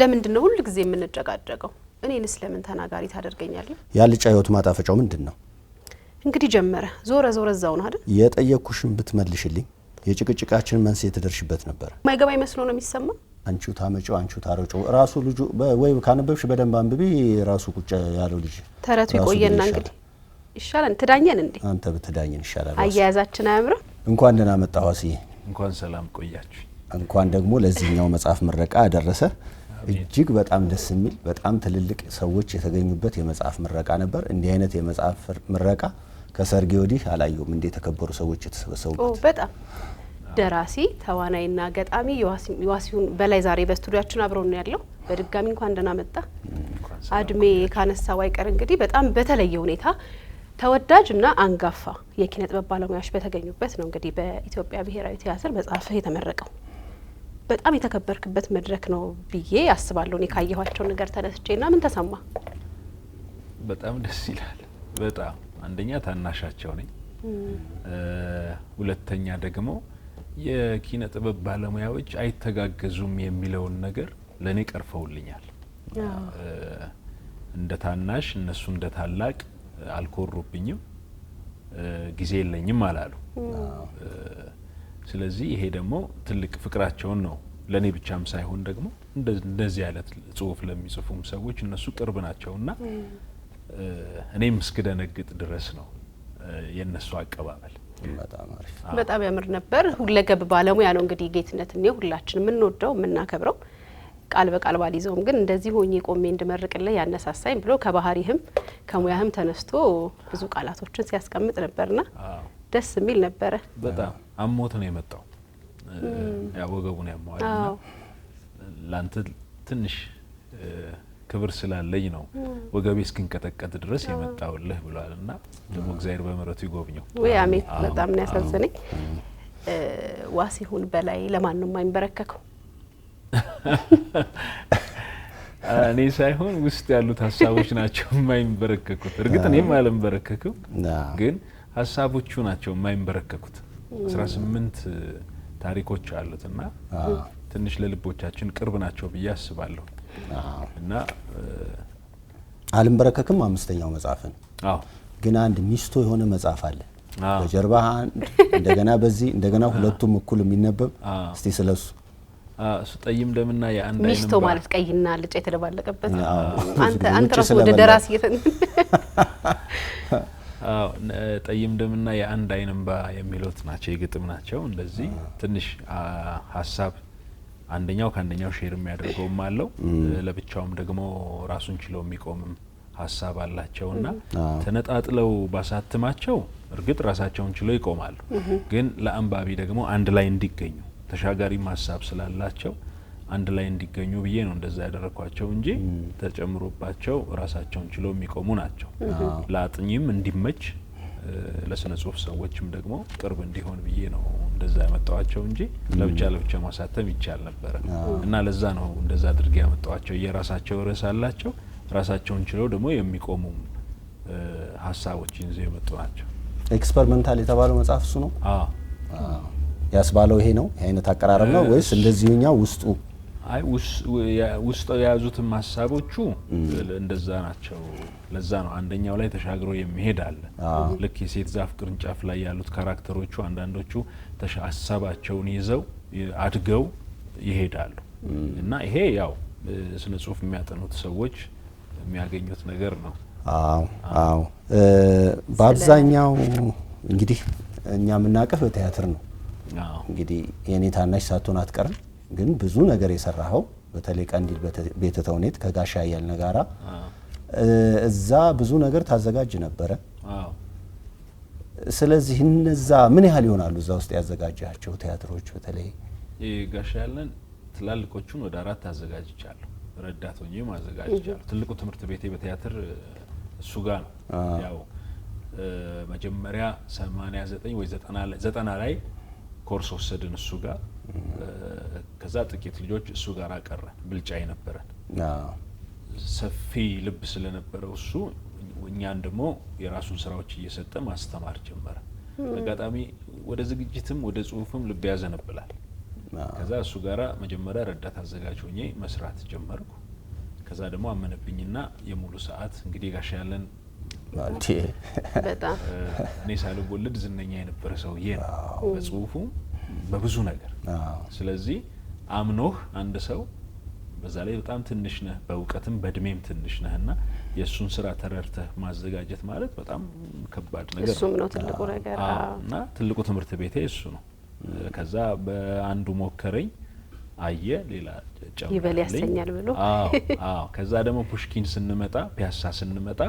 ለምንድን ነው ሁል ጊዜ የምንጨቃጨቀው? እኔንስ ለምን ተናጋሪ ታደርገኛለህ? ያልጫ ህይወት ማጣፈጫው ምንድን ነው? እንግዲህ ጀመረ። ዞረ ዞረ እዛው ነው አይደል? የጠየቅኩሽን ብትመልሽልኝ የጭቅጭቃችን መንስኤ ትደርሽበት ነበር። ማይገባይ መስሎ ነው የሚሰማ። አንቺው ታመጪው አንቺው ታረጪው ራሱ ልጁ ወይ ካነበብሽ በደንብ አንብቢ። ራሱ ቁጭ ያለው ልጅ ተረቱ ይቆየና እንግዲህ ይሻላል። ትዳኘን እንዴ አንተ ብትዳኘን ይሻላል። አያያዛችን አያምርም። እንኳን ደህና መጣህ ዋስዬ። እንኳን ሰላም ቆያችሁ። እንኳን ደግሞ ለዚህኛው መጽሐፍ ምረቃ አደረሰ። እጅግ በጣም ደስ የሚል በጣም ትልልቅ ሰዎች የተገኙበት የመጽሐፍ ምረቃ ነበር። እንዲህ አይነት የመጽሐፍ ምረቃ ከሰርጌ ወዲህ አላየውም። እንደ የተከበሩ ሰዎች የተሰበሰቡበት በጣም ደራሲ ተዋናይና ገጣሚ የዋሲሁን በላይ ዛሬ በስቱዲያችን አብረውን ነው ያለው። በድጋሚ እንኳን ደህና መጣ። አድሜ ካነሳው አይቀር እንግዲህ በጣም በተለየ ሁኔታ ተወዳጅ እና አንጋፋ የኪነ ጥበብ ባለሙያዎች በተገኙበት ነው እንግዲህ በኢትዮጵያ ብሔራዊ ቲያትር መጽሐፍህ የተመረቀው። በጣም የተከበርክበት መድረክ ነው ብዬ አስባለሁ። እኔ ካየኋቸው ነገር ተነስቼ ና ምን ተሰማ? በጣም ደስ ይላል። በጣም አንደኛ ታናሻቸው ነኝ፣ ሁለተኛ ደግሞ የኪነ ጥበብ ባለሙያዎች አይተጋገዙም የሚለውን ነገር ለእኔ ቀርፈውልኛል። እንደ ታናሽ እነሱ እንደ ታላቅ አልኮሩብኝም፣ ጊዜ የለኝም አላሉ ስለዚህ ይሄ ደግሞ ትልቅ ፍቅራቸውን ነው ለእኔ ብቻም ሳይሆን ደግሞ እንደዚህ አይነት ጽሁፍ ለሚጽፉም ሰዎች እነሱ ቅርብ ናቸውና እኔም እስክደነግጥ ድረስ ነው የእነሱ አቀባበል። በጣም ያምር ነበር። ሁለገብ ባለሙያ ነው እንግዲህ ጌትነት እኔ ሁላችን የምንወደው የምናከብረው ቃል በቃል ባልይዘውም ግን እንደዚህ ሆኜ ቆሜ እንድመርቅልህ ያነሳሳኝ ብሎ ከባህሪህም ከሙያህም ተነስቶ ብዙ ቃላቶችን ሲያስቀምጥ ነበርና ደስ የሚል ነበረ። በጣም አሞት ነው የመጣው። ወገቡን ያመዋል። ለአንተ ትንሽ ክብር ስላለኝ ነው ወገቤ እስክንቀጠቀጥ ድረስ የመጣውልህ ብሏል። እና ደግሞ እግዚአብሔር በምሕረቱ ይጎብኘው። ወይ አሜት። በጣም ነው ያሳዘነኝ። ዋሲሁን በላይ ለማን ነው እኔ ሳይሆን ውስጥ ያሉት ሀሳቦች ናቸው የማይንበረከኩት። እርግጥ እኔም አልንበረከክም ግን ሀሳቦቹ ናቸው የማይንበረከኩት። አስራ ስምንት ታሪኮች አሉት እና ትንሽ ለልቦቻችን ቅርብ ናቸው ብዬ አስባለሁ እና አልንበረከክም አምስተኛው መጽሐፍን ግን አንድ ሚስቶ የሆነ መጽሐፍ አለ በጀርባ አንድ እንደገና በዚህ እንደገና ሁለቱም እኩል የሚነበብ እስቲ ስለሱ እሱ ጠይም ደምና የአንድ ሚስቶ ማለት ቀይና ልጫ የተደባለቀበት አንተ ራሱ ወደ ደራሲ ጠይም ደምና የአንድ አይን እንባ የሚሉት ናቸው የግጥም ናቸው። እንደዚህ ትንሽ ሀሳብ አንደኛው ከአንደኛው ሼር የሚያደርገውም አለው ለብቻውም ደግሞ ራሱን ችለው የሚቆምም ሀሳብ አላቸው እና ተነጣጥለው ባሳትማቸው እርግጥ ራሳቸውን ችለው ይቆማሉ፣ ግን ለአንባቢ ደግሞ አንድ ላይ እንዲገኙ ተሻጋሪም ሀሳብ ስላላቸው አንድ ላይ እንዲገኙ ብዬ ነው እንደዛ ያደረግኳቸው እንጂ ተጨምሮባቸው ራሳቸውን ችለው የሚቆሙ ናቸው። ለአጥኚም እንዲመች ለስነ ጽሁፍ ሰዎችም ደግሞ ቅርብ እንዲሆን ብዬ ነው እንደዛ ያመጣዋቸው እንጂ ለብቻ ለብቻ ማሳተም ይቻል ነበረ እና ለዛ ነው እንደዛ አድርጌ ያመጣዋቸው። የራሳቸው ርዕስ አላቸው። ራሳቸውን ችለው ደግሞ የሚቆሙ ሀሳቦችን ይዘው የመጡ ናቸው። ኤክስፐሪመንታል የተባለው መጽሐፍ እሱ ነው ያስባለው። ይሄ ነው ይህ አይነት አቀራረብ ነው ወይስ እንደዚሁኛ ውስጡ አይ ውስጥ የያዙትም ሀሳቦቹ እንደዛ ናቸው። ለዛ ነው አንደኛው ላይ ተሻግሮ የሚሄድ አለ። ልክ የሴት ዛፍ ቅርንጫፍ ላይ ያሉት ካራክተሮቹ አንዳንዶቹ ሀሳባቸውን ይዘው አድገው ይሄዳሉ እና ይሄ ያው ስነ ጽሁፍ የሚያጠኑት ሰዎች የሚያገኙት ነገር ነው። አዎ አዎ። በአብዛኛው እንግዲህ እኛ የምናቀፍ በቲያትር ነው። እንግዲህ የኔ ታናሽ ሳትሆን አትቀርም ግን ብዙ ነገር የሰራኸው በተለይ ቀንዲል ቤተ ተውኔት ከጋሻ ያልነ ጋራ እዛ ብዙ ነገር ታዘጋጅ ነበረ። ስለዚህ እነዛ ምን ያህል ይሆናሉ? እዛ ውስጥ ያዘጋጃቸው ቲያትሮች በተለይ ጋሻ ያለን ትላልቆቹን ወደ አራት አዘጋጅቻለሁ። ረዳት ሆኜ ማዘጋጅቻለሁ። ትልቁ ትምህርት ቤቴ በቲያትር እሱ ጋ ነው። ያው መጀመሪያ 89 ወይ 90 ላይ ኮርስ ወሰድን እሱ ጋር ከዛ ጥቂት ልጆች እሱ ጋር ቀረን። ብልጫ የነበረን ሰፊ ልብ ስለነበረው እሱ እኛን ደግሞ የራሱን ስራዎች እየሰጠ ማስተማር ጀመረ። አጋጣሚ ወደ ዝግጅትም ወደ ጽሁፍም ልብ ያዘነብላል። ከዛ እሱ ጋራ መጀመሪያ ረዳት አዘጋጅ ሆኜ መስራት ጀመርኩ። ከዛ ደግሞ አመነብኝና የሙሉ ሰዓት እንግዲህ ጋሻ ያለን እኔ ሳልወለድ ዝነኛ የነበረ ሰውዬ ነው በጽሁፉም በብዙ ነገር። ስለዚህ አምኖህ አንድ ሰው በዛ ላይ በጣም ትንሽ ነህ፣ በእውቀትም በእድሜም ትንሽ ነህ እና የእሱን ስራ ተረድተህ ማዘጋጀት ማለት በጣም ከባድ ነገር እሱም ነው ትልቁ ነገር እና ትልቁ ትምህርት ቤቴ እሱ ነው። ከዛ በአንዱ ሞከረኝ አየ ሌላ ይበል ያሰኛል ብሎ አዎ። ከዛ ደግሞ ፑሽኪን ስንመጣ ፒያሳ ስንመጣ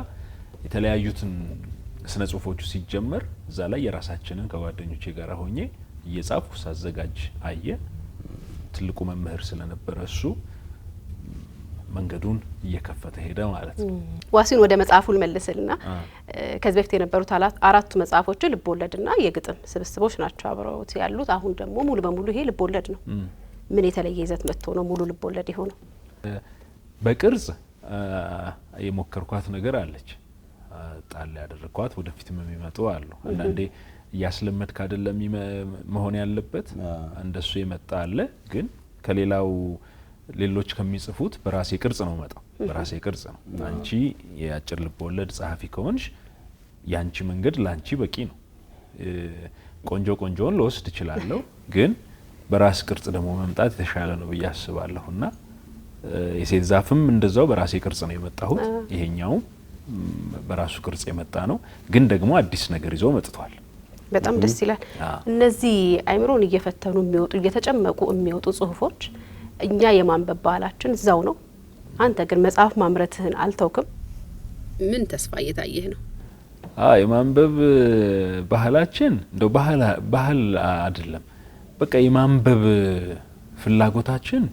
የተለያዩትን ስነ ጽሁፎቹ ሲጀመር እዛ ላይ የራሳችንን ከጓደኞቼ ጋር ሆኜ እየጻፍኩ ሳዘጋጅ አየ። ትልቁ መምህር ስለነበረ እሱ መንገዱን እየከፈተ ሄደ ማለት ነው። ዋሲን ወደ መጽሐፉ ልመልስልና ከዚህ በፊት የነበሩት አራቱ መጽሐፎች ልብ ና የግጥም ስብስቦች ናቸው አብረውት ያሉት። አሁን ደግሞ ሙሉ በሙሉ ይሄ ልቦወለድ ነው። ምን የተለየ ይዘት መጥቶ ነው ሙሉ ልቦወለድ የሆነው? በቅርጽ የሞከርኳት ነገር አለች፣ ጣል ያደረግኳት፣ ወደፊትም የሚመጡ አሉ አንዳንዴ እያስለመድክ አይደለም መሆን ያለበት። እንደሱ የመጣ አለ ግን ከሌላው ሌሎች ከሚጽፉት በራሴ ቅርጽ ነው መጣው በራሴ ቅርጽ ነው። አንቺ የአጭር ልብ ወለድ ጸሐፊ ከሆንሽ የአንቺ መንገድ ለአንቺ በቂ ነው። ቆንጆ ቆንጆውን ልወስድ እችላለሁ፣ ግን በራስ ቅርጽ ደግሞ መምጣት የተሻለ ነው ብዬ አስባለሁ። እና የሴት ዛፍም እንደዛው በራሴ ቅርጽ ነው የመጣሁት። ይሄኛውም በራሱ ቅርጽ የመጣ ነው፣ ግን ደግሞ አዲስ ነገር ይዞ መጥቷል። በጣም ደስ ይላል። እነዚህ አይምሮን እየፈተኑ የሚወጡ እየተጨመቁ የሚወጡ ጽሁፎች እኛ የማንበብ ባህላችን እዛው ነው። አንተ ግን መጽሐፍ ማምረትህን አልተውክም። ምን ተስፋ እየታየህ ነው? የማንበብ ባህላችን እንደው ባህል አይደለም፣ በቃ የማንበብ ፍላጎታችን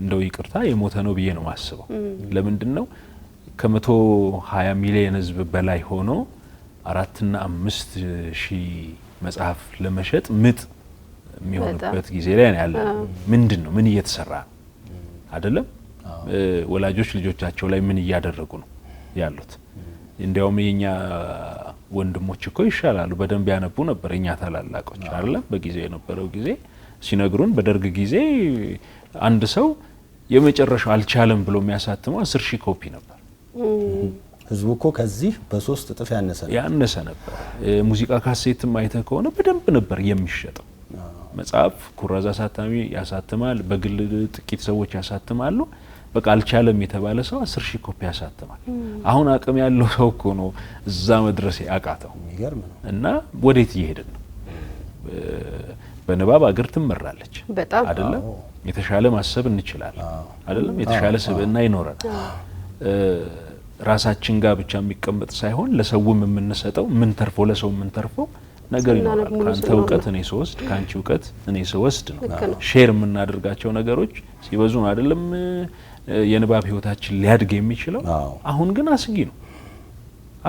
እንደው ይቅርታ የሞተ ነው ብዬ ነው ማስበው። ለምንድን ነው ከመቶ ሀያ ሚሊየን ህዝብ በላይ ሆኖ አራትና አምስት ሺህ መጽሐፍ ለመሸጥ ምጥ የሚሆንበት ጊዜ ላይ ያለ ምንድን ነው? ምን እየተሰራ ነው? አይደለም ወላጆች ልጆቻቸው ላይ ምን እያደረጉ ነው ያሉት? እንዲያውም የኛ ወንድሞች እኮ ይሻላሉ፣ በደንብ ያነቡ ነበር። እኛ ታላላቆች አይደለም በጊዜው የነበረው ጊዜ ሲነግሩን፣ በደርግ ጊዜ አንድ ሰው የመጨረሻው አልቻለም ብሎ የሚያሳትመው አስር ሺህ ኮፒ ነበር። ህዝቡ እኮ ከዚህ በሶስት እጥፍ ያነሰ ያነሰ ነበር። ሙዚቃ ካሴትም አይተህ ከሆነ በደንብ ነበር የሚሸጠው። መጽሐፍ ኩራዝ አሳታሚ ያሳትማል፣ በግል ጥቂት ሰዎች ያሳትማሉ። በቃ አልቻለም የተባለ ሰው አስር ሺህ ኮፒ ያሳትማል። አሁን አቅም ያለው ሰው እኮ ነው እዛ መድረስ ያቃተው። እና ወዴት እየሄድን ነው? በንባብ አገር ትመራለች አይደለም? የተሻለ ማሰብ እንችላለን አይደለም? የተሻለ ስብዕና ይኖረናል። ራሳችን ጋር ብቻ የሚቀመጥ ሳይሆን ለሰውም የምንሰጠው ተርፎ ለሰው ተርፎ ነገር ይኖራል። ከአንተ እውቀት እኔ ስወስድ፣ ከአንቺ እውቀት እኔ ስወስድ ነው ሼር የምናደርጋቸው ነገሮች ሲበዙ ነው አይደለም የንባብ ህይወታችን ሊያድግ የሚችለው። አሁን ግን አስጊ ነው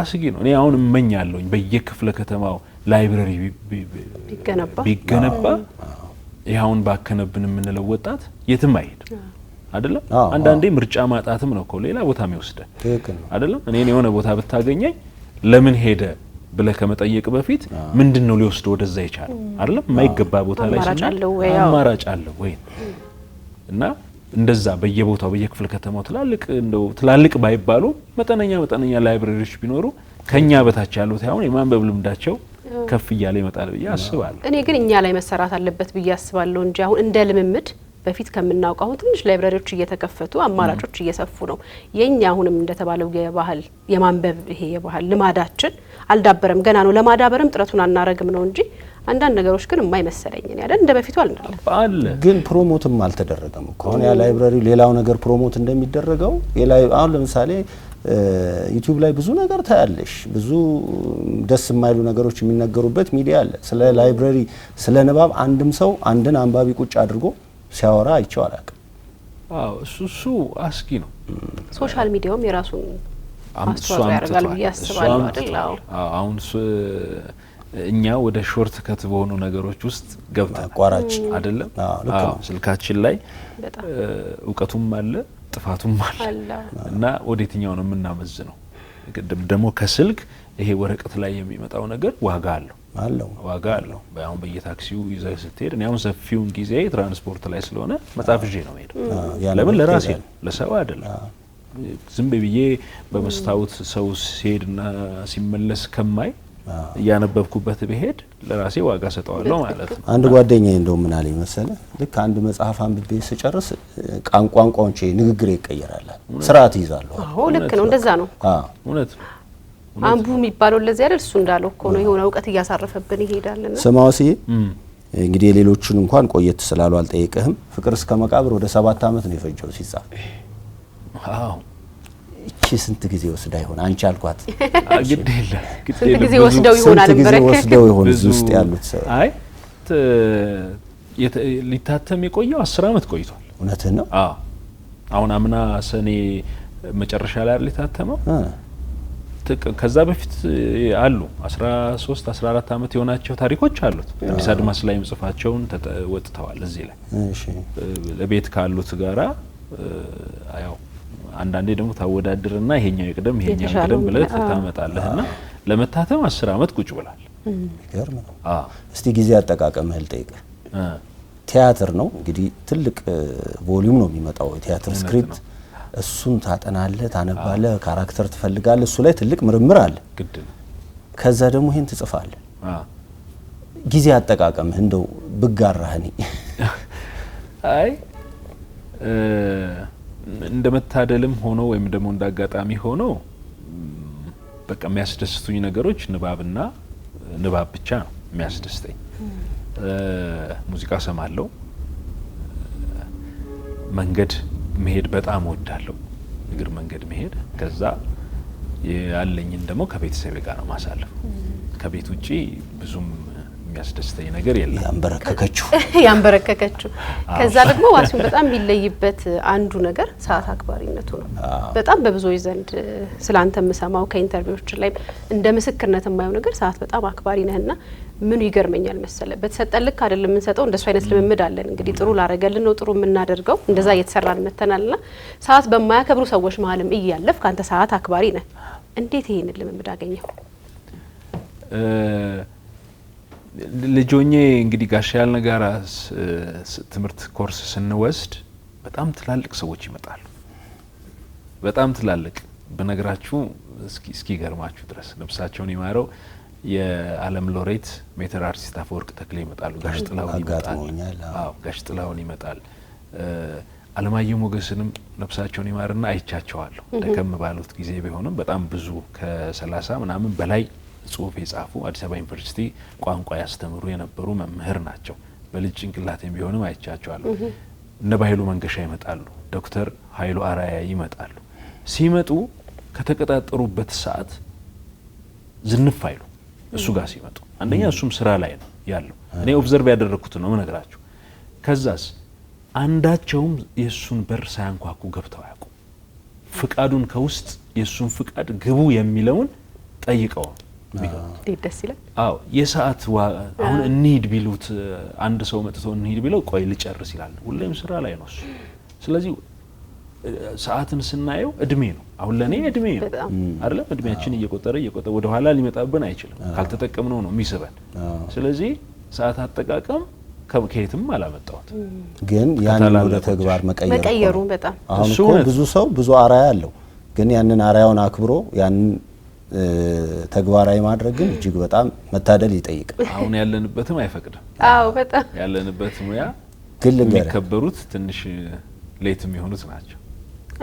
አስጊ ነው። እኔ አሁን እመኛለሁኝ በየክፍለ ከተማው ላይብረሪ ቢገነባ ይህ አሁን ባከነብን የምንለው ወጣት የትም አይሄድ። አይደለም። አንዳንዴ ምርጫ ማጣትም ነው እኮ ሌላ ቦታ የሚወስደ አይደለም። እኔን የሆነ ቦታ ብታገኘኝ ለምን ሄደ ብለህ ከመጠየቅ በፊት ምንድን ነው ሊወስድ ወደዛ ይቻለ አይደለም። የማይገባ ቦታ ላይ አማራጭ አለው ወይ እና እንደዛ በየቦታው በየክፍል ከተማው ትላልቅ እንደው ትላልቅ ባይባሉ መጠነኛ መጠነኛ ላይብረሪዎች ቢኖሩ ከኛ በታች ያሉት አሁን የማንበብ ልምዳቸው ከፍ እያለ ይመጣል ብዬ አስባለሁ። እኔ ግን እኛ ላይ መሰራት አለበት ብዬ አስባለሁ እንጂ አሁን እንደ ልምምድ በፊት ከምናውቀው አሁን ትንሽ ላይብረሪዎች እየተከፈቱ አማራጮች እየሰፉ ነው። የኛ አሁንም እንደተባለው የባህል የማንበብ ይሄ የባህል ልማዳችን አልዳበረም፣ ገና ነው። ለማዳበርም ጥረቱን አናረግም ነው እንጂ አንዳንድ ነገሮች ግን የማይመሰለኝ ያለ እንደ በፊቱ አልናለ ግን ፕሮሞትም አልተደረገም። ከሆነ ያ ላይብራሪ ሌላው ነገር ፕሮሞት እንደሚደረገው አሁን ለምሳሌ ዩቲዩብ ላይ ብዙ ነገር ታያለሽ። ብዙ ደስ የማይሉ ነገሮች የሚነገሩበት ሚዲያ አለ። ስለ ላይብራሪ ስለ ንባብ አንድም ሰው አንድን አንባቢ ቁጭ አድርጎ ሲያወራ አይቼው አላውቅም። እሱ እሱ አስጊ ነው። ሶሻል ሚዲያውም የራሱን አስተዋጽኦ ያደርጋል ብዬ አሁን እኛ ወደ ሾርት ከት በሆኑ ነገሮች ውስጥ ገብተን አቋራጭ አይደለም። ስልካችን ላይ እውቀቱም አለ ጥፋቱም አለ እና ወደ የትኛው ነው የምናመዝነው? ደግሞ ከስልክ ይሄ ወረቀት ላይ የሚመጣው ነገር ዋጋ አለው። አለው ዋጋ አለው። አሁን በየታክሲው ይዘህ ስትሄድ እኔ አሁን ሰፊውን ጊዜ ትራንስፖርት ላይ ስለሆነ መጽሐፍ ይዤ ነው ሄደው። ለምን ለራሴ ነው ለሰው አይደለም። ዝም ብዬ በመስታወት ሰው ሲሄድና ሲመለስ ከማይ እያነበብኩበት ብሄድ ለራሴ ዋጋ ሰጠዋለሁ ማለት ነው። አንድ ጓደኛ እንደው ምን አለኝ መሰለ፣ ልክ አንድ መጽሐፍ አንብቤ ስጨርስ ቋንቋንቋንቼ ንግግር ይቀየራል፣ ስርዓት ይዛለሁ። ልክ ነው፣ እንደዛ ነው፣ እውነት ነው። አንቡ የሚባለው ለዚህ አይደል? እሱ እንዳለው እኮ ነው። የሆነ እውቀት እያሳረፈብን ይሄዳልና ስማውሲ እንግዲህ የሌሎቹን እንኳን ቆየት ስላሉ አልጠየቅህም። ፍቅር እስከ መቃብር ወደ ሰባት አመት ነው የፈጀው ሲጻፍ። አዎ እቺ ስንት ጊዜ ወስዳ ይሆን? አንቺ አልኳት ግድ የለ ስንት ጊዜ ወስደው ይሆናል ነበረ ወስደው ይሆን ውስጥ ያሉት ሰው አይ ሊታተም የቆየው አስር አመት ቆይቷል። እውነትህን ነው። አዎ አሁን አምና ሰኔ መጨረሻ ላይ አይደል የታተመው ከዛ በፊት አሉ 13 14 ዓመት የሆናቸው ታሪኮች አሉት። አዲስ አድማስ ላይም ምጽፋቸውን ወጥተዋል። እዚህ ላይ ለቤት ካሉት ጋራ ያው አንዳንዴ ደግሞ ታወዳድርና ይሄኛው ይቅደም ይሄኛው ይቅደም ብለህ ታመጣለህና ለመታተም አስር አመት ቁጭ ብላል። ይገርም ነው። እስቲ ጊዜ አጠቃቀምህን ጠይቀ ቲያትር ነው እንግዲህ ትልቅ ቮሊዩም ነው የሚመጣው የቲያትር ስክሪፕት እሱን ታጠናለህ፣ ታነባለህ፣ ካራክተር ትፈልጋለህ። እሱ ላይ ትልቅ ምርምር አለ። ከዛ ደግሞ ይህን ትጽፋለ። ጊዜ አጠቃቀምህ እንደው ብጋራህኒ አይ እንደ መታደልም ሆኖ ወይም ደግሞ እንደ አጋጣሚ ሆኖ በቃ የሚያስደስቱኝ ነገሮች ንባብና ንባብ ብቻ ነው የሚያስደስተኝ። ሙዚቃ ሰማለው፣ መንገድ መሄድ በጣም ወዳለው እግር መንገድ መሄድ ከዛ ያለኝን ደግሞ ከቤተሰቤ ጋር ነው ማሳለፍ። ከቤት ውጪ ብዙም የሚያስደስተኝ ነገር የለም። ያንበረከከችው ያንበረከከችው። ከዛ ደግሞ ዋሲሁን በጣም የሚለይበት አንዱ ነገር ሰዓት አክባሪነቱ ነው። በጣም በብዙዎች ዘንድ ስላንተ የምሰማው ከኢንተርቪዎች ላይ እንደ ምስክርነት የማየው ነገር ሰዓት በጣም አክባሪ ነህና ምኑ ይገርመኛል መሰለ በተሰጠን ልክ አይደለም የምንሰጠው። እንደሱ አይነት ልምምድ አለን እንግዲህ ጥሩ ላረገልን ነው ጥሩ የምናደርገው። እንደዛ እየተሰራን መተናል ና ሰዓት በማያከብሩ ሰዎች መሀልም እያለፍ ከአንተ ሰዓት አክባሪ ነህ። እንዴት ይሄንን ልምምድ አገኘው? ልጆኜ እንግዲህ ጋሽ ያልነ ጋራ ትምህርት ኮርስ ስንወስድ በጣም ትላልቅ ሰዎች ይመጣሉ። በጣም ትላልቅ ብነግራችሁ እስኪ ገርማችሁ ድረስ ነብሳቸውን ይማረው የዓለም ሎሬት ሜትር አርቲስት አፈወርቅ ተክሌ ይመጣሉ። ጋሽ ጥላሁን ይመጣል። ጋሽ ጥላሁን ይመጣል። አለማየሁ ሞገስንም ነፍሳቸውን ይማርና አይቻቸዋለሁ። ደከም ባሉት ጊዜ ቢሆንም በጣም ብዙ ከሰላሳ ምናምን በላይ ጽሁፍ የጻፉ አዲስ አበባ ዩኒቨርሲቲ ቋንቋ ያስተምሩ የነበሩ መምህር ናቸው። በልጅ ጭንቅላቴም ቢሆንም አይቻቸዋለሁ። እነ ባይሉ መንገሻ ይመጣሉ። ዶክተር ሀይሉ አራያ ይመጣሉ። ሲመጡ ከተቀጣጠሩበት ሰዓት ዝንፍ አይሉ እሱ ጋር ሲመጡ አንደኛ እሱም ስራ ላይ ነው ያለው። እኔ ኦብዘርቭ ያደረግኩት ነው ምነግራችሁ። ከዛስ አንዳቸውም የእሱን በር ሳያንኳኩ ገብተው አያውቁ። ፍቃዱን ከውስጥ የእሱን ፍቃድ ግቡ የሚለውን ጠይቀው ደስ ይላል። አዎ የሰዓት አሁን እንሂድ ቢሉት አንድ ሰው መጥቶ እንሂድ ቢለው ቆይ ልጨርስ ይላል። ሁሌም ስራ ላይ ነው እሱ ስለዚህ ሰዓትን ስናየው እድሜ ነው። አሁን ለእኔ እድሜ ነው አይደለም። እድሜያችን እየቆጠረ እየቆጠረ ወደ ኋላ ሊመጣብን አይችልም። ካልተጠቀምነው ነው የሚስበን። ስለዚህ ሰዓት አጠቃቀም ከየትም አላመጣሁት፣ ግን ያንን ወደ ተግባር መቀየሩ በጣም አሁን እኮ ብዙ ሰው ብዙ አራያ አለው፣ ግን ያንን አራያውን አክብሮ ያንን ተግባራዊ ማድረግ ግን እጅግ በጣም መታደል ይጠይቃል። አሁን ያለንበትም አይፈቅድም። አዎ በጣም ያለንበት ሙያ ግን የሚከበሩት ትንሽ ሌት የሚሆኑት ናቸው።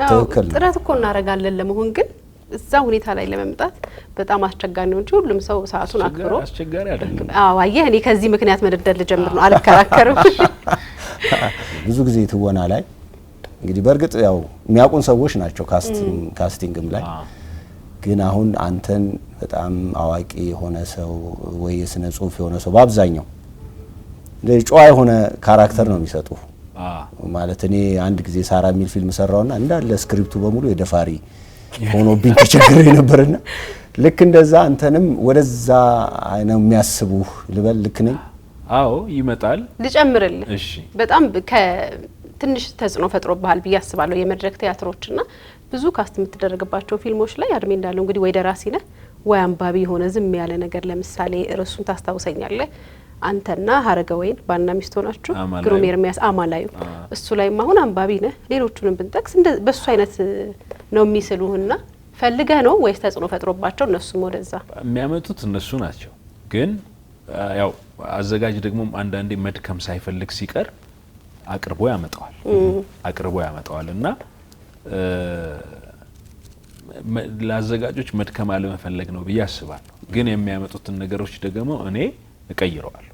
ትክክል ጥረት እኮ እናደርጋለን ለመሆን ግን እዛ ሁኔታ ላይ ለመምጣት በጣም አስቸጋሪ ነው እንጂ ሁሉም ሰው ሰዓቱን አክብሮ አስቸጋሪ አይደለም። አየህ፣ እኔ ከዚህ ምክንያት መደርደር ልጀምር ነው። አልከራከርም። ብዙ ጊዜ ትወና ላይ እንግዲህ በእርግጥ ያው የሚያውቁን ሰዎች ናቸው ካስቲንግም ላይ ግን አሁን አንተን በጣም አዋቂ የሆነ ሰው ወይ የስነ ጽሁፍ የሆነ ሰው በአብዛኛው ጨዋ የሆነ ካራክተር ነው የሚሰጡ ማለት እኔ አንድ ጊዜ ሳራ የሚል ፊልም ሰራውና እንዳለ ስክሪፕቱ በሙሉ የደፋሪ ሆኖብኝ ተቸግሬ ነበርና ልክ እንደዛ አንተንም ወደዛ ነው የሚያስቡ ልበል። ልክ ነኝ? አዎ ይመጣል። ልጨምርልህ። በጣም ትንሽ ተጽዕኖ ፈጥሮብሃል ብዬ አስባለሁ። የመድረክ ቲያትሮችና ብዙ ካስት የምትደረግባቸው ፊልሞች ላይ አድሜ እንዳለው እንግዲህ ወይ ደራሲ ነህ ወይ አንባቢ የሆነ ዝም ያለ ነገር ለምሳሌ እርሱን ታስታውሰኛለህ አንተና ሀረገ ወይን ባልና ሚስት ሆናችሁ ግሩም ኤርሚያስ አማላዩ እሱ ላይም አሁን አንባቢ ነህ። ሌሎቹንም ብንጠቅስ በእሱ አይነት ነው የሚስሉህና ፈልገ ነው ወይስ ተጽዕኖ ፈጥሮባቸው እነሱም ወደዛ የሚያመጡት እነሱ ናቸው። ግን ያው አዘጋጅ ደግሞ አንዳንዴ መድከም ሳይፈልግ ሲቀር አቅርቦ ያመጣዋል አቅርቦ ያመጣዋል እና ለአዘጋጆች መድከም አለመፈለግ ነው ብዬ አስባለሁ። ግን የሚያመጡትን ነገሮች ደግሞ እኔ እቀይረዋል።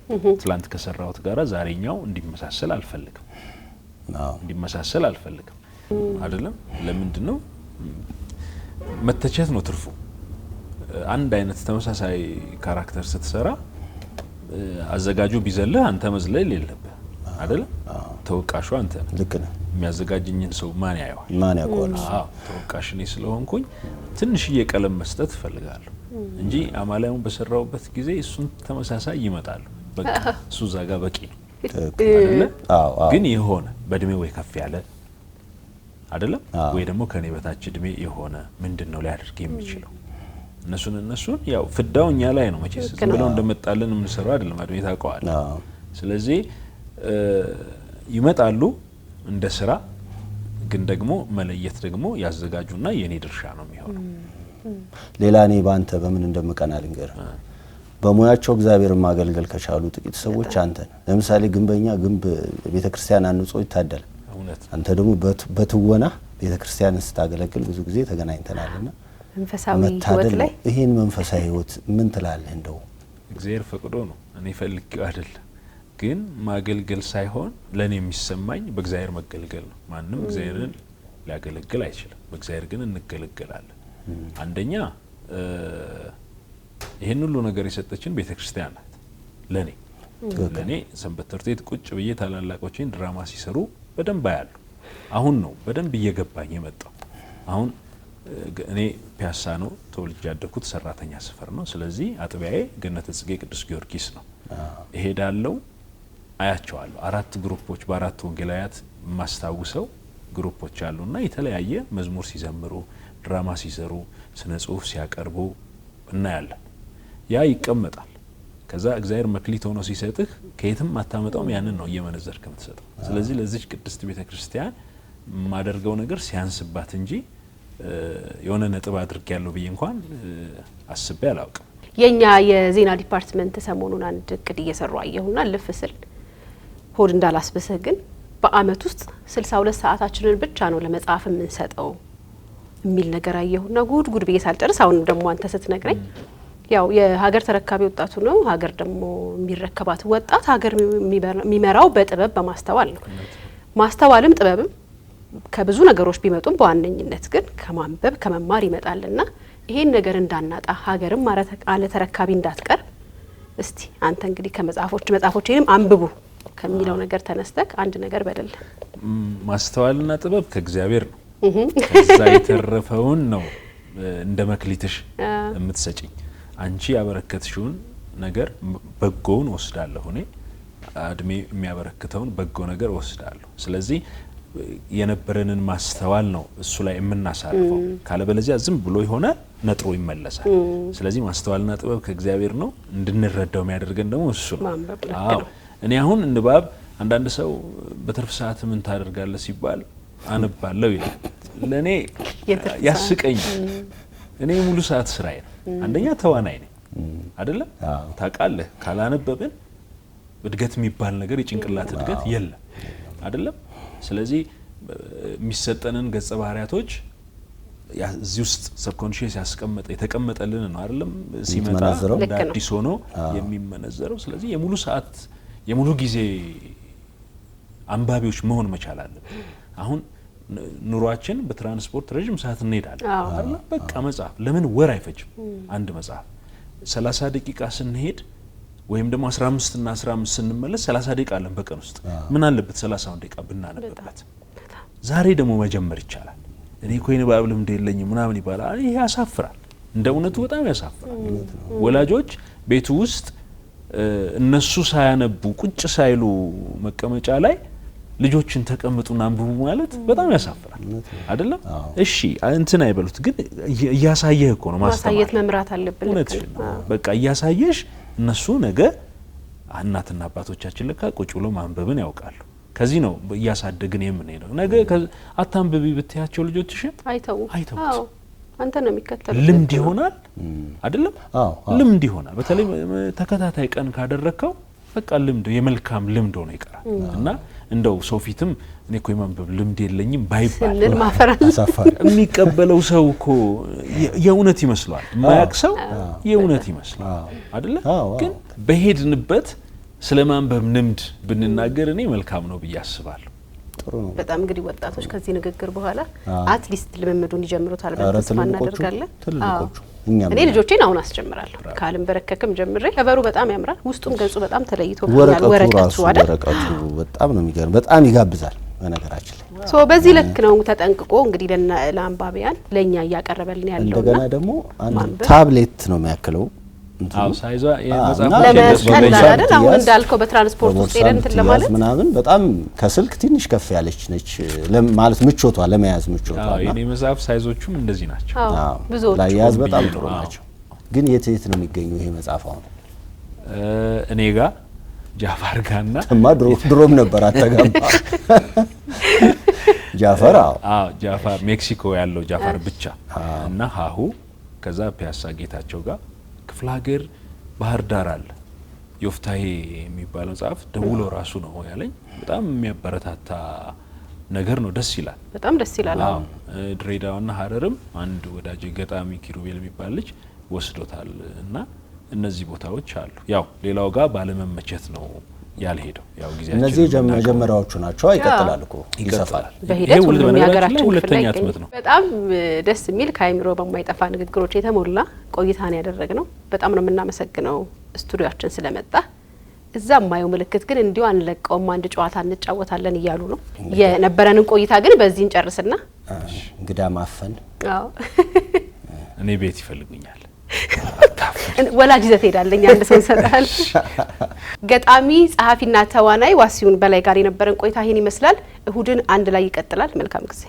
ትላንት ከሰራሁት ጋራ ዛሬኛው እንዲመሳሰል አልፈልግም፣ እንዲመሳሰል አልፈልግም። አይደለም ለምንድን ነው መተቸት ነው ትርፉ። አንድ አይነት ተመሳሳይ ካራክተር ስትሰራ አዘጋጁ ቢዘልህ አንተ መዝለል የለብህ አይደለም። ተወቃሹ አንተ ልክ ነህ። የሚያዘጋጅኝን ሰው ማን ያየዋል? ማን ያውቀዋል? ተወቃሽ እኔ ስለሆንኩኝ ትንሽዬ ቀለም መስጠት እፈልጋለሁ። እንጂ አማላዩን በሰራውበት ጊዜ እሱን ተመሳሳይ ይመጣሉ። በቃ እሱ እዛ ጋር በቂ ነው አይደለ? ግን የሆነ በእድሜ ወይ ከፍ ያለ አይደለም ወይ ደግሞ ከኔ በታች እድሜ የሆነ ምንድን ነው ሊያደርግ የሚችለው? እነሱን እነሱን ያው ፍዳው እኛ ላይ ነው መቼስ ዝም ብለው እንደመጣልን የምንሰራው አይደለም። እድሜ ታውቀዋል። ስለዚህ ይመጣሉ እንደ ስራ ግን ደግሞ መለየት ደግሞ ያዘጋጁና የኔ ድርሻ ነው የሚሆነው። ሌላ እኔ በአንተ በምን እንደምቀና ልንገር። በሙያቸው እግዚአብሔር ማገልገል ከቻሉ ጥቂት ሰዎች አንተ ለምሳሌ ግንበኛ ግንብ ቤተ ክርስቲያን አንጾ ይታደል። አንተ ደግሞ በትወና ቤተ ስታገለግል ብዙ ጊዜ ተገናኝተናልና መታደል ይህን መንፈሳዊ ህይወት ምን ትላለህ? እንደው እግዚአብሔር ፈቅዶ ነው እኔ ፈልጌው አይደለም ግን ማገልገል ሳይሆን ለእኔ የሚሰማኝ በእግዚአብሔር መገልገል ነው። ማንም እግዚአብሔርን ሊያገለግል አይችልም። በእግዚአብሔር ግን እንገለገላለን። አንደኛ ይህን ሁሉ ነገር የሰጠችን ቤተ ክርስቲያን ናት። ለእኔ ለእኔ ሰንበት ትምህርት ቤት ቁጭ ብዬ ታላላቆችን ድራማ ሲሰሩ በደንብ አያሉ። አሁን ነው በደንብ እየገባኝ የመጣው። አሁን እኔ ፒያሳ ነው ተወልጄ ያደኩት፣ ሰራተኛ ሰፈር ነው። ስለዚህ አጥቢያዬ ገነተ ጽጌ ቅዱስ ጊዮርጊስ ነው። እሄዳለው፣ አያቸዋለሁ። አራት ግሩፖች በአራት ወንጌላያት የማስታውሰው ግሩፖች አሉና የተለያየ መዝሙር ሲዘምሩ ድራማ ሲሰሩ፣ ስነ ጽሁፍ ሲያቀርቡ እናያለን። ያ ይቀመጣል። ከዛ እግዚአብሔር መክሊት ሆኖ ሲሰጥህ ከየትም አታመጣውም። ያንን ነው እየመነዘር ከምትሰጠው። ስለዚህ ለዚች ቅድስት ቤተ ክርስቲያን የማደርገው ነገር ሲያንስባት እንጂ የሆነ ነጥብ አድርግ ያለው ብዬ እንኳን አስቤ አላውቅም። የእኛ የዜና ዲፓርትመንት ሰሞኑን አንድ እቅድ እየሰሩ አየሁና ልፍ ስል ሆድ እንዳላስበሰህ ግን በአመት ውስጥ ስልሳ ሁለት ሰዓታችንን ብቻ ነው ለመጽሐፍ የምንሰጠው የሚል ነገር አየሁና ጉድ ጉድ ብዬ ሳልጨርስ አሁን ደግሞ አንተ ስትነግረኝ ያው የሀገር ተረካቢ ወጣቱ ነው። ሀገር ደግሞ የሚረከባት ወጣት ሀገር የሚመራው በጥበብ በማስተዋል ነው። ማስተዋልም ጥበብም ከብዙ ነገሮች ቢመጡም በዋነኝነት ግን ከማንበብ ከመማር ይመጣልና ይሄን ነገር እንዳናጣ ሀገርም አለ ተረካቢ እንዳትቀር እስቲ አንተ እንግዲህ ከመጽሐፎች መጽሐፎች ይህንም አንብቡ ከሚለው ነገር ተነስተክ አንድ ነገር በደለ ማስተዋልና ጥበብ ከእግዚአብሔር ነው ከዛ የተረፈውን ነው እንደ መክሊትሽ የምትሰጭኝ። አንቺ ያበረከትሽውን ነገር በጎውን ወስዳለሁ፣ እኔ እድሜ የሚያበረክተውን በጎ ነገር ወስዳለሁ። ስለዚህ የነበረንን ማስተዋል ነው እሱ ላይ የምናሳርፈው። ካለበለዚያ ዝም ብሎ የሆነ ነጥሮ ይመለሳል። ስለዚህ ማስተዋልና ጥበብ ከእግዚአብሔር ነው። እንድንረዳው የሚያደርገን ደግሞ እሱ ነው። እኔ አሁን ንባብ አንዳንድ ሰው በትርፍ ሰዓት ምን ታደርጋለህ ሲባል አነባለሁ ይላል። ለእኔ ያስቀኝ። እኔ ሙሉ ሰዓት ስራዬ ነው። አንደኛ ተዋናይ ነኝ አይደለም ታውቃለህ። ካላነበብን እድገት የሚባል ነገር የጭንቅላት እድገት የለም አይደለም። ስለዚህ የሚሰጠንን ገጸ ባህሪያቶች እዚህ ውስጥ ሰብኮንሽስ ያስቀመጠ የተቀመጠልን ነው አይደለም። ሲመጣ እንደ አዲስ ሆኖ የሚመነዘረው። ስለዚህ የሙሉ ሰዓት የሙሉ ጊዜ አንባቢዎች መሆን መቻል አለብን። አሁን ኑሯችን በትራንስፖርት ረዥም ሰዓት እንሄዳለን። በቃ መጽሐፍ ለምን ወር አይፈጅም? አንድ መጽሐፍ 30 ደቂቃ ስንሄድ ወይም ደግሞ 15 እና 15 ስንመለስ 30 ደቂቃ አለን በቀን ውስጥ ምን አለበት 30 ደቂቃ ብናነብበት። ዛሬ ደግሞ መጀመር ይቻላል። እኔ እኮ የንባብ ልምድ የለኝም ምናምን ይባላል። ይሄ ያሳፍራል፣ እንደ እውነቱ በጣም ያሳፍራል። ወላጆች ቤቱ ውስጥ እነሱ ሳያነቡ ቁጭ ሳይሉ መቀመጫ ላይ ልጆችን ተቀምጡና አንብቡ ማለት በጣም ያሳፍራል፣ አይደለም? እሺ እንትን አይበሉት፣ ግን እያሳየህ እኮ ነው ማሳየት፣ መምራት አለብን። እውነትሽን ነው። በቃ እያሳየሽ እነሱ ነገ እናትና አባቶቻችን ልካ ቁጭ ብሎ ማንበብን ያውቃሉ። ከዚህ ነው እያሳደግን የምንሄደው። ነገ አታንብቢ ብትያቸው ልጆችሽን አይተው አይተው አንተ ነው የሚከተለው። ልምድ ይሆናል አይደለም? ልምድ ይሆናል። በተለይ ተከታታይ ቀን ካደረግከው በቃ ልምድ የመልካም ልምድ ሆኖ ይቀራል እና እንደው ሰው ፊትም እኔ እኮ የማንበብ ልምድ የለኝም ባይባል የሚቀበለው ሰው እኮ የእውነት ይመስሏል። የማያቅ ሰው የእውነት ይመስላል አደለ? ግን በሄድንበት ስለ ማንበብ ልምድ ብንናገር እኔ መልካም ነው ብዬ አስባለሁ። በጣም እንግዲህ ወጣቶች ከዚህ ንግግር በኋላ አትሊስት ልምምዱን ይጀምሩታል ብለን ተስፋ እናደርጋለን። እኔ ልጆቼን አሁን አስጀምራለሁ። ካልንበረከክም ጀምሬ ከበሩ በጣም ያምራል። ውስጡም ገጹ በጣም ተለይቶ ወረቀቱ ወረቀቱ በጣም ነው የሚገርም። በጣም ይጋብዛል። በነገራችን ላይ ሶ በዚህ ልክ ነው ተጠንቅቆ እንግዲህ ለአንባቢያን ለእኛ እያቀረበልን ያለው። እንደገና ደግሞ አንድ ታብሌት ነው የሚያክለው እንዳልከው በትራንስፖርት ውስጥ ሄደን እንትን ለማለት ምናምን በጣም ከስልክ ትንሽ ከፍ ያለች ነች ማለት ምቾቷ ለመያዝ ምቾቷ የኔ መጽሐፍ ሳይዞቹም እንደዚህ ናቸው። ላያያዝ በጣም ጥሩ ናቸው። ግን የት የት ነው የሚገኘው ይሄ መጽሐፍ? አሁን እኔ ጋ ጃፋር ጋና ማ ድሮም ነበር አተጋባ ጃፈር ጃፋር ሜክሲኮ ያለው ጃፋር ብቻ እና ሀሁ ከዛ ፒያሳ ጌታቸው ጋር ክፍለ ሀገር ባህር ዳር አለ ዮፍታሄ የሚባለው መጽሐፍ ደውሎ ራሱ ነው ያለኝ። በጣም የሚያበረታታ ነገር ነው። ደስ ይላል፣ በጣም ደስ ይላል። ድሬዳዋና ሀረርም አንድ ወዳጅ ገጣሚ ኪሩቤል የሚባል ልጅ ወስዶታል እና እነዚህ ቦታዎች አሉ። ያው ሌላው ጋር ባለመመቸት ነው ያልሄደው ያው እነዚህ መጀመሪያዎቹ ናቸው። ይቀጥላል እኮ ይሰፋል። በሂደት ሁለተኛ ትምህርት ነው። በጣም ደስ የሚል ከአይምሮ በማይጠፋ ንግግሮች የተሞላ ቆይታን ያደረግ ነው። በጣም ነው የምናመሰግነው ስቱዲዮችን ስለመጣ። እዛ የማየው ምልክት ግን እንዲሁ አንለቀውም፣ አንድ ጨዋታ እንጫወታለን እያሉ ነው። የነበረንን ቆይታ ግን በዚህ እንጨርስና እንግዳ ማፈን እኔ ቤት ይፈልጉኛል ወላጅ ይዘህ ሄዳለኝ አንድ ሰው ይሰጣል። ገጣሚ ጸሐፊና ተዋናይ ዋሲሁን በላይ ጋር የነበረን ቆይታ ይህን ይመስላል። እሁድን አንድ ላይ ይቀጥላል። መልካም ጊዜ